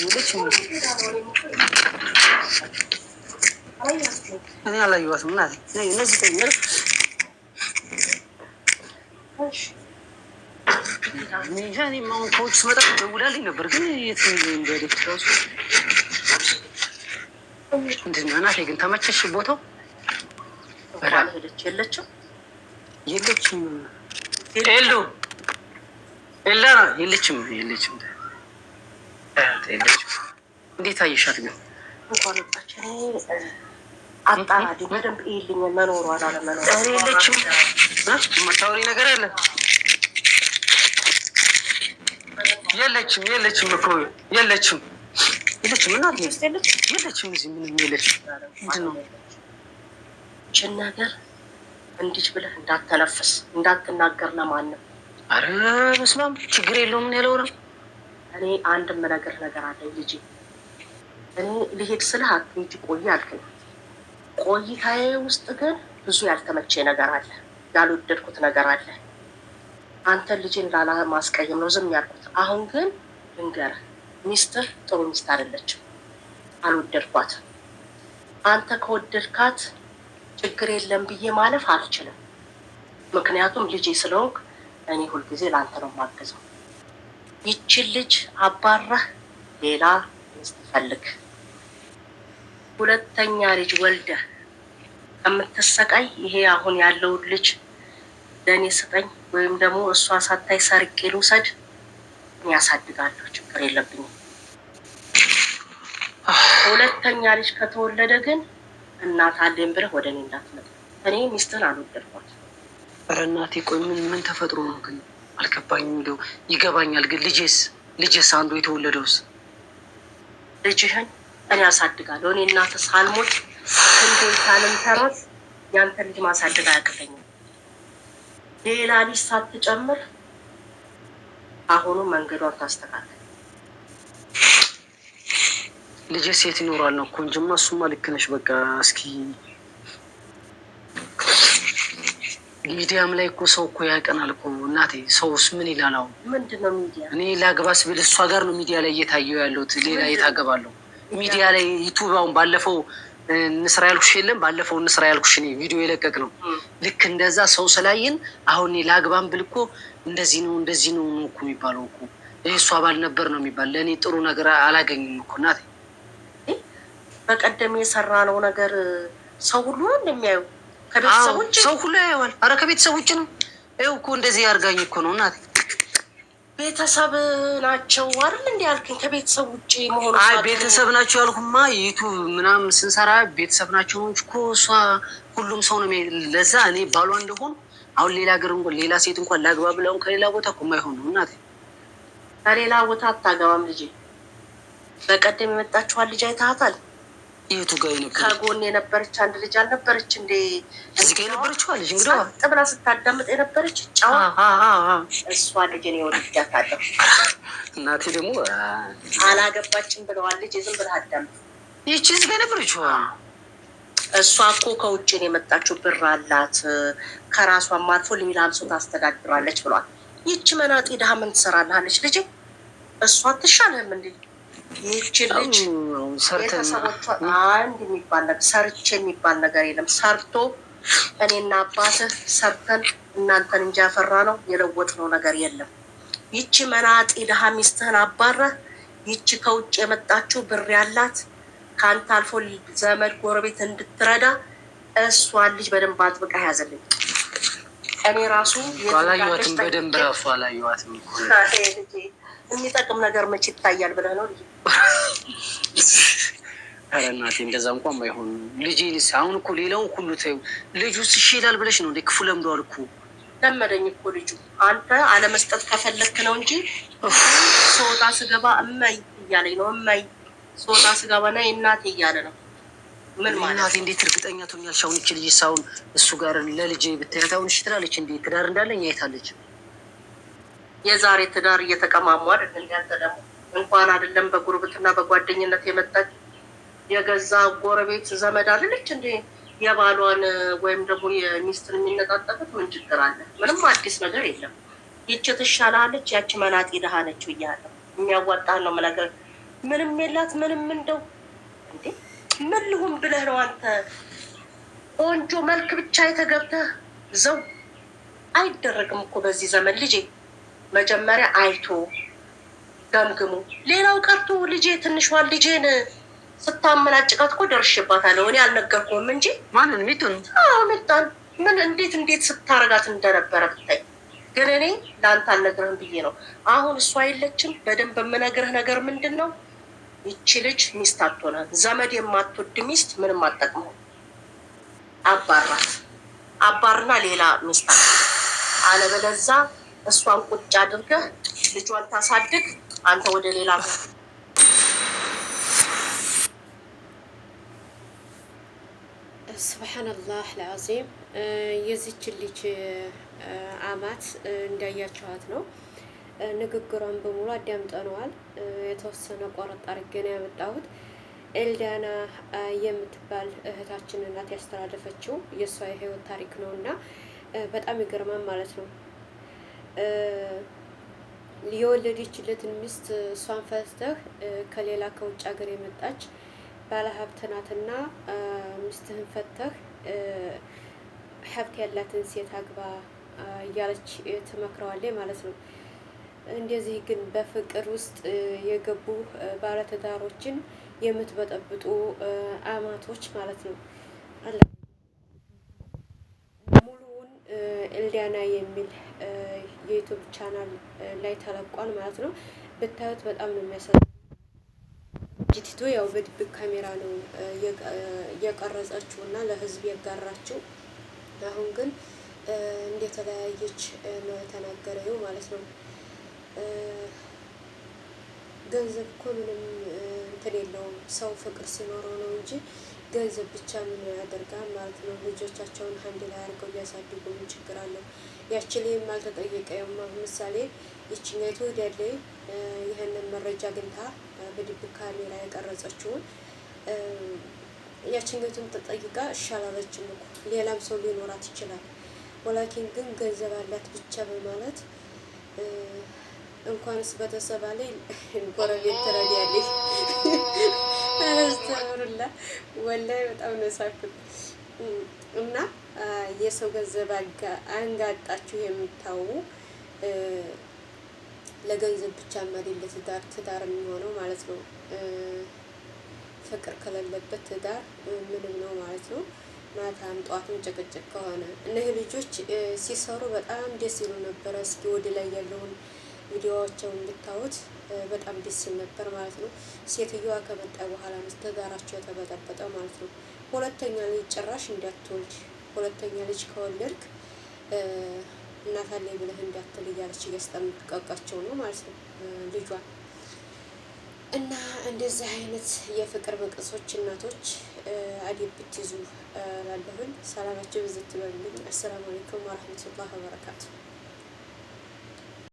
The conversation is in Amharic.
ልጅ እኔ አላየኋትም። እነዚህ ቀይር ሚዛን የማሁን ከውጭ ስመጣ ደውላልኝ ነበር፣ ግን የት እንደሄደች እራሱ እንትን ነው። እናቴ ግን ተመቸሽ? ቦታው የለችም የለችም፣ የለችም የለችም እናት የለችም። እንዴት አየሻት ግን? እንኳን የምታወሪ ነገር አለ የለችም የለችም እኮ የለችም የለችም የለችም። እዚህ ምንም የለችም። ምንድን ነው ችን ነገር እንዲች ብለህ እንዳትተነፍስ እንዳትናገር ለማንም። አረ በስመ አብ ችግር የለውም ያለው ነው እኔ አንድ የምነግርህ ነገር አለኝ ልጅ። እኔ ልሄድ ስልህ አትሂጂ ቆይ አልከኝ። ቆይታዬ ውስጥ ግን ብዙ ያልተመቼ ነገር አለ፣ ያልወደድኩት ነገር አለ። አንተን ልጅን ልጄን ማስቀየም ነው ዝም ያልኩት። አሁን ግን ልንገርህ፣ ሚስትህ ጥሩ ሚስት አይደለችም፣ አልወደድኳት። አንተ ከወደድካት ችግር የለም ብዬ ማለፍ አልችልም። ምክንያቱም ልጄ ስለሆንክ እኔ ሁልጊዜ ለአንተ ነው የማግዘው። ይችን ልጅ አባራህ ሌላ ሚስት ፈልግ፣ ሁለተኛ ልጅ ወልደ ከምትሰቃይ ይሄ አሁን ያለውን ልጅ ለእኔ ስጠኝ፣ ወይም ደግሞ እሷ ሳታይ ሰርቄ ልውሰድ፣ ያሳድጋለሁ፣ ችግር የለብኝም። ሁለተኛ ልጅ ከተወለደ ግን እናት አለኝ ብለህ ወደ እኔ እንዳትመጣ፣ እኔ ሚስትህን አልወደድኳት። ኧረ እናቴ ቆይ ምን ምን ተፈጥሮ ነው ግን አልገባኝም። እንደው ይገባኛል፣ ግን ልጄስ ልጄስ አንዱ የተወለደውስ ልጅህን እኔ አሳድጋለሁ። እኔ እናተ ሳልሞት ክንዴታንም ተሮት ያንተ ልጅ ማሳደግ አያቅተኝም። ሌላ ልጅ ሳትጨምር አሁኑ መንገዷን ታስተካከል። ልጄስ ሴት ይኖራል ነው እኮ እንጂማ እሱማ ልክ ነሽ። በቃ እስኪ ሚዲያም ላይ እኮ ሰው እኮ ያቀናል እኮ እናቴ። ሰውስ ምን ይላል? አሁን ምንድን ነው ሚዲያ? እኔ ላግባስ ብል እሷ ጋር ነው ሚዲያ ላይ እየታየው ያለሁት። ሌላ የታገባለሁ ሚዲያ ላይ ዩቱብ። አሁን ባለፈው እንስራ ያልኩሽ የለም ባለፈው እንስራ ያልኩሽ እኔ ቪዲዮ የለቀቅ ነው። ልክ እንደዛ ሰው ስላየን አሁን እኔ ብል እኮ እንደዚህ ነው እንደዚህ ነው ነው እኮ የሚባለው እኮ ይህ እሷ ባል ነበር ነው የሚባል። ለእኔ ጥሩ ነገር አላገኝም እኮ እናቴ። በቀደም የሰራ ነው ነገር ሰው ሁሉ ነው ከቤተሰቦች ሰው ሁሉ ያየዋል። አረ ከቤተሰቦችን ይኸው እኮ እንደዚህ ያርጋኝ እኮ ነው እናቴ ቤተሰብ ናቸው አይደል? እንዲ ያልከኝ ከቤተሰብ ውጭ መሆኑ አይ ቤተሰብ ናቸው ያልኩማ ዩቱብ ምናምን ስንሰራ ቤተሰብ ናቸው እኮ እሷ ሁሉም ሰው ነው። ለዛ እኔ ባሏ እንደሆኑ አሁን ሌላ ሀገር እንኳን ሌላ ሴት እንኳን ላግባ ብለውን ከሌላ ቦታ እኮ የማይሆን ነው እናቴ። ከሌላ ቦታ አታገባም ልጄ። በቀደም የመጣችኋል ልጅ አይተሃታል። ከጎን የነበረች አንድ ልጅ አልነበረች እንዴ? እዚህ ጋር የነበረችው ልጅ እንግዲህ ጥብላ ስታዳምጥ የነበረች ጫዋ እሷ ልጅን የወልዳታለሁ። እናቴ ደግሞ አላገባችም ብለዋል። ልጅ ዝም ብላ አዳምጥ። ይቺ እዚህ ጋር የነበረችው እሷ እኮ ከውጭን የመጣችው ብር አላት፣ ከራሷም አልፎ ሌላ አምሶ ታስተዳድራለች ብሏል። ይቺ መናጤ ድሀ ምን ትሰራልሃለች? ልጅ እሷ ትሻልህም እንዴ? ይችልጅ አንድ የሚባል ሰርች የሚባል ነገር የለም። ሰርቶ እኔና አባትህ ሰርተን እናንተን እንጂ ያፈራ ነው የለወጥነው ነገር የለም። ይቺ መናጢ ድሃ ሚስትህን አባረህ፣ ይቺ ከውጭ የመጣችው ብር ያላት ከአንተ አልፎ ዘመድ ጎረቤት እንድትረዳ እሷን ልጅ በደንብ አጥብቃ ያዘልኝ። እኔ ራሱ አላየኋትም፣ በደንብ ራሱ አላየኋትም። የሚጠቅም ነገር መች ይታያል ብለህ ነው? ኧረ እናቴ እንደዛ እንኳን ባይሆን ልጄ አሁን እኮ ሌላውን ሁሉ ተይው፣ ልጁ ይሄዳል ብለሽ ነው እንደ ክፉ ለምደዋል እኮ ለመደኝ እኮ ልጁ። አንተ አለመስጠት ከፈለክ ነው እንጂ ሶወጣ ስገባ እመይ እያለኝ ነው። እመይ ሶወጣ ስገባ ና እናቴ እያለ ነው። ምን ማለት እናቴ እንዴት እርግጠኛ ትሆኛለሽ? አሁን ይቺ ልጅ ሳሁን እሱ ጋር ለልጄ ብታያት አሁን እሺ ትላለች እንዴ? ትዳር እንዳለኝ አይታለች የዛሬ ትዳር እየተቀማሙ አይደል? እንዳንተ ደግሞ እንኳን አይደለም በጉርብትና በጓደኝነት የመጣች የገዛ ጎረቤት ዘመድ አለች እንዴ? የባሏን ወይም ደግሞ የሚስትን የሚነጣጠበት ምን ችግር አለ? ምንም አዲስ ነገር የለም። ይች ትሻላለች፣ ያቺ መናጢ ድሃ ነች ብያለሁ። የሚያዋጣህ ነው ነገር ምንም የላት ምንም እንደው እንዴ ምን ልሁን ብለህ ነው አንተ ቆንጆ መልክ ብቻ የተገብተህ ዘው አይደረግም እኮ በዚህ ዘመን ልጄ መጀመሪያ አይቶ ገምግሙ። ሌላው ቀርቶ ልጄ ትንሿን ልጄን ስታመናጭቃት እኮ ደርሽባታለሁ እኔ አልነገርኩም እንጂ ማንን ሚቱን ሚጣን ምን እንዴት እንዴት ስታረጋት እንደነበረ ብታይ ግን እኔ ለአንተ አልነግርህም ብዬ ነው። አሁን እሷ አይለችም። በደንብ የምነግርህ ነገር ምንድን ነው፣ ይቺ ልጅ ሚስት አትሆነ ዘመድ የማትወድ ሚስት ምንም አጠቅመው። አባራት አባርና ሌላ ሚስት አለበለዛ እሷን ቁጭ አድርገህ ልጇን ታሳድግ፣ አንተ ወደ ሌላ ስብሓንላህ ለአዚም የዚችን ልጅ አማት እንዳያቸዋት ነው። ንግግሯን በሙሉ አዳምጠነዋል። የተወሰነ ቆረጥ አድርጌ ነው ያመጣሁት። ኤልዳና የምትባል እህታችን እናት ያስተላለፈችው የእሷ የህይወት ታሪክ ነው እና በጣም ይገርማል ማለት ነው። የወለደችለትን ሚስት እሷን ፈስተህ ከሌላ ከውጭ ሀገር የመጣች ባለሀብት ናትና ሚስትህን ፈተህ ሀብት ያላትን ሴት አግባ እያለች ትመክረዋለች ማለት ነው። እንደዚህ ግን በፍቅር ውስጥ የገቡ ባለትዳሮችን የምትበጠብጡ አማቶች ማለት ነው። ሙሉውን ኤልዳና የሚል የዩቱብ ቻናል ላይ ተለቋል ማለት ነው። ብታዩት በጣም ነው የሚያሳዝነው። ጅቲቱ ያው በድብቅ ካሜራ ነው የቀረጸችው እና ለህዝብ ያጋራችው። አሁን ግን እንደተለያየች ነው የተናገረው ማለት ነው። ገንዘብ እኮ ምንም እንትን የለውም። ሰው ፍቅር ሲኖረው ነው እንጂ ገንዘብ ብቻ ምን ያደርጋል ማለት ነው። ልጆቻቸውን አንድ ላይ አድርገው ቢያሳድጉ ምን ችግር አለው? ያችን የማልተጠየቀ ምሳሌ ይችኛቱ ደሌ ይህንን መረጃ ግንታ በድብቅ ካሜራ የቀረጸችውን ያችኛቱን ተጠይቃ እሻላለችም እኮ ሌላም ሰው ሊኖራት ይችላል። ወላኪን ግን ገንዘብ አላት ብቻ በማለት እንኳንስ በተሰባ ላይ ጎረቤት ተረዳያለች። አስተምሩላ ወላሂ በጣም ነው ሳኩት እና የሰው ገንዘብ አንጋጣችሁ የምታው ለገንዘብ ብቻ መሪል ለትዳር ትዳር የሚሆነው ማለት ነው። ፍቅር ከሌለበት ትዳር ምንም ነው ማለት ነው። ማታም ጠዋትም ጭቅጭቅ ከሆነ እነዚህ ልጆች ሲሰሩ በጣም ደስ ይሉ ነበረ። እስኪ ወደ ላይ ያለውን ቪዲዮዎቸውን ብታዩት በጣም ደስ ይል ነበር ማለት ነው። ሴትዮዋ ከመጣ በኋላ ነው ትዳራቸው የተበጠበጠ ማለት ነው። ሁለተኛ ልጅ ጭራሽ እንዳትወልድ፣ ሁለተኛ ልጅ ከወለድክ እናት ብለህ እንዳትል እያለች እያስጠነቀቀቻቸው ነው ማለት ነው ልጇን እና እንደዚህ አይነት የፍቅር መቅሶች እናቶች አደብ ብትይዙ ላለሁኝ። ሰላማችሁ ብዝት ይበልልኝ። አሰላሙ አለይኩም ወረህመቱላህ ወበረካቱ